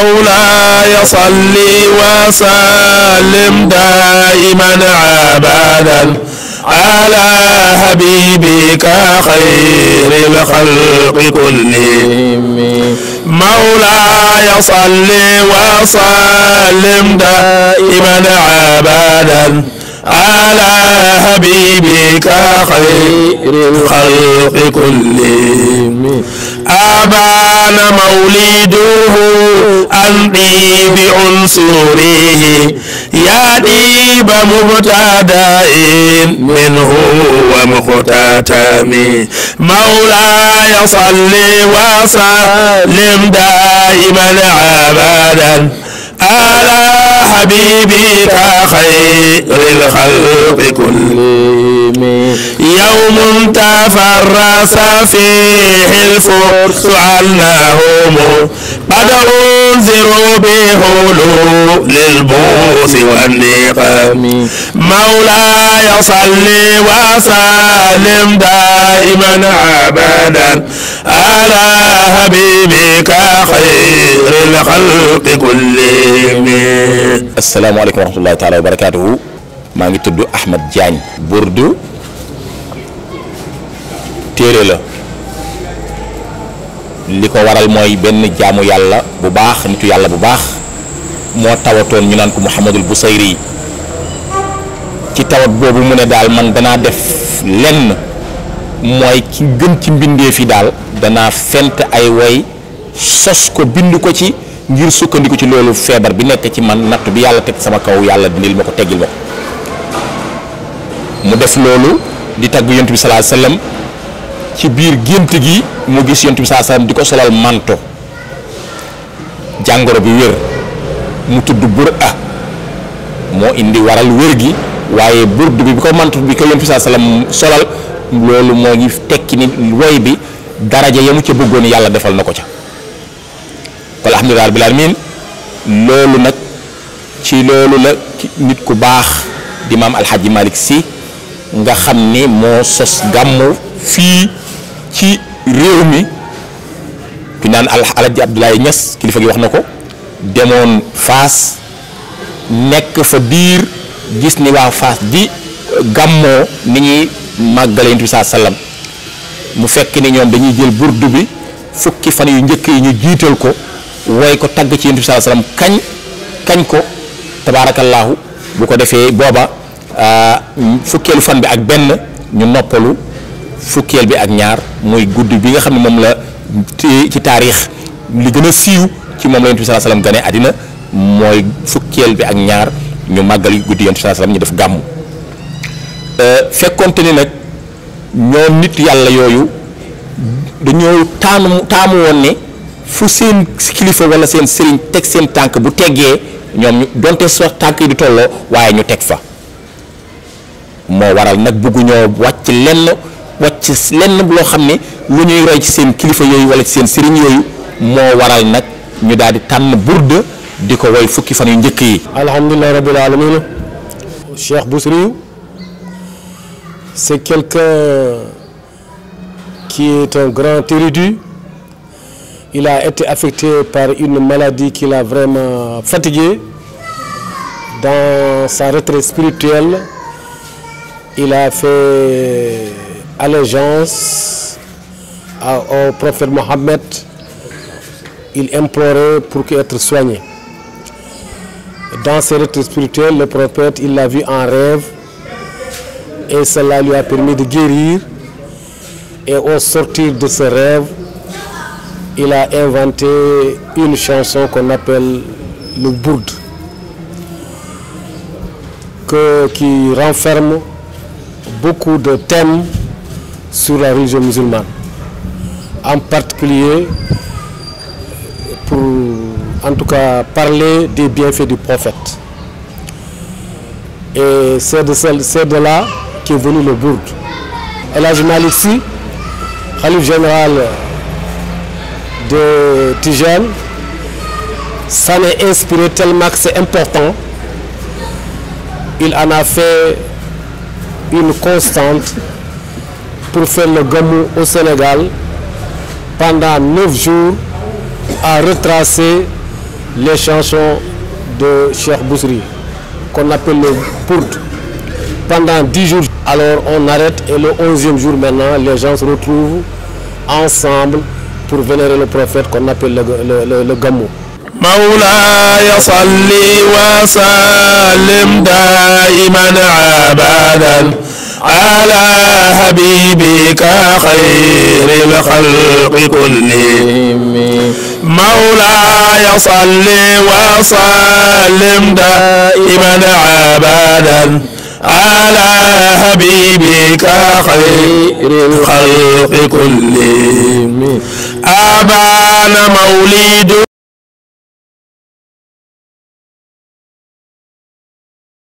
مولاي صلي وسلم دائما ابدا على حبيبك خير الخلق كلهم مولاي صلي وسلم دائما ابدا على حبيبك خير الخلق كلهم أبدا كان مولده أنبي بعنصره يا ديب مبتدأ منه ومختتم مولاي صلي وسلم دائما أبدا على حبيبك خير الخلق كلهم يوم تفرس فيه الفرس عنهم قد انذروا بهلول للبوس والنقام مولاي صل وسلم دائما ابدا على حبيبك خير الخلق كلهم Assalamualaikum warahmatullahi rahmatullahi taala wa do Ahmad ngi tuddu ahmad Diagne. Burdu téere la liko waral moy ben jaamu yalla bu baax nitu yalla bu baax mo tawaton ñu nan ko Mouhamadul busairi ci tawat bobu mu ne dal man dana def len. moy ki gën ci mbinde fi dal dana fente ay way sos ko bindu ko ci ngir sukkandiku ci lolu febar bi nek ci man nat bi yalla tek sama kaw yalla dindil mako ko teggil ma mu def lolu di tagg yonent sallallahu salaa wasallam ci bir gént gi mu gis yonent bi salaa sallam diko solal manto jangoro bi wer mu tuddu bur'a ah indi waral wer gi waye burdu bi biko manto bi ko yonent bi salaa sallam solal lolu mo ngi tekki ni way bi daraja yamu ci beggone yalla defal nako ca alhamdulilah rabbil alamin loolu nag ci loolu la nit ku baax di maam alhaji malik si nga xam ni moo sos gàmmu fii ci réew mi ki naan alhaji abdoulaye ñas kilifa gi wax na fas demoon fa biir gis ni waa di gàmmoo ni ñuy màggale yonent bi saa sallam mu fekk ni ñoom dañuy jël burdu bi fukki fan yu yi ñu ko wooy ko tagg ci yonent bi sallallahu kañ kañ ko tabaarakallaahu bu ko defee booba euh, fukkeelu fan bi ak benn ñu noppalu fukkeel bi ak ñaar mooy guddi bi nga xam ne moom la ci taarix li gën a siiw ci moom la yonent bi sallallahu gane àddina mooy fukkeel bi ak ñaar ñu màggal guddi yonent bi sallallahu ñu def gàmmu euh, fekkonte ni nag ñoo nit yàlla yooyu dañoo taamu taamu woon ne fu seen kilifa wala seen sëriñ tek seen tànk bu teggee ñoom ñu donte sa tànk yi du tolloo waaye ñu teg fa moo waral nag bëgguñoo wàcc lenn wàcc lenn loo xam ne lu ñuy roy ci seen kilifa yooyu wala ci seen sëriñ yooyu moo waral nag ñu daal di tànn burde di ko woy fukki fan yu njëkk yi. alhamdulillah rabbil alamin Cheikh Bousriou c'est quelqu'un qui est un grand érudit. Il a été affecté par une maladie qui l'a vraiment fatigué. Dans sa retraite spirituelle, il a fait allégeance au prophète Mohammed. Il implorait pour soit soigné. Dans sa retraite spirituelle, le prophète, l'a vu en rêve et cela lui a permis de guérir. Et au sortir de ce rêve, il a inventé une chanson qu'on appelle le bourde, que, qui renferme beaucoup de thèmes sur la religion musulmane, en particulier pour en tout cas parler des bienfaits du prophète. Et c'est de, de, là qu'est venu le bourde. Et là, je m'allais ici, Khalif général de Tijane, ça est inspiré tellement que c'est important. Il en a fait une constante pour faire le gamou au Sénégal pendant neuf jours à retracer les chansons de Cheikh Bousri, qu'on appelle le Pout. Pendant dix jours, alors on arrête et le onzième jour maintenant, les gens se retrouvent ensemble pour vénérer le prophète qu'on appelle le, le, le, le Gamou. مولا يصلي وسلم دائما عبادا على حبيبك خير الخلق كلهم مولا يصلي وسلم دائما عبادا على حبيبك خير الخلق كلهم أبان مولد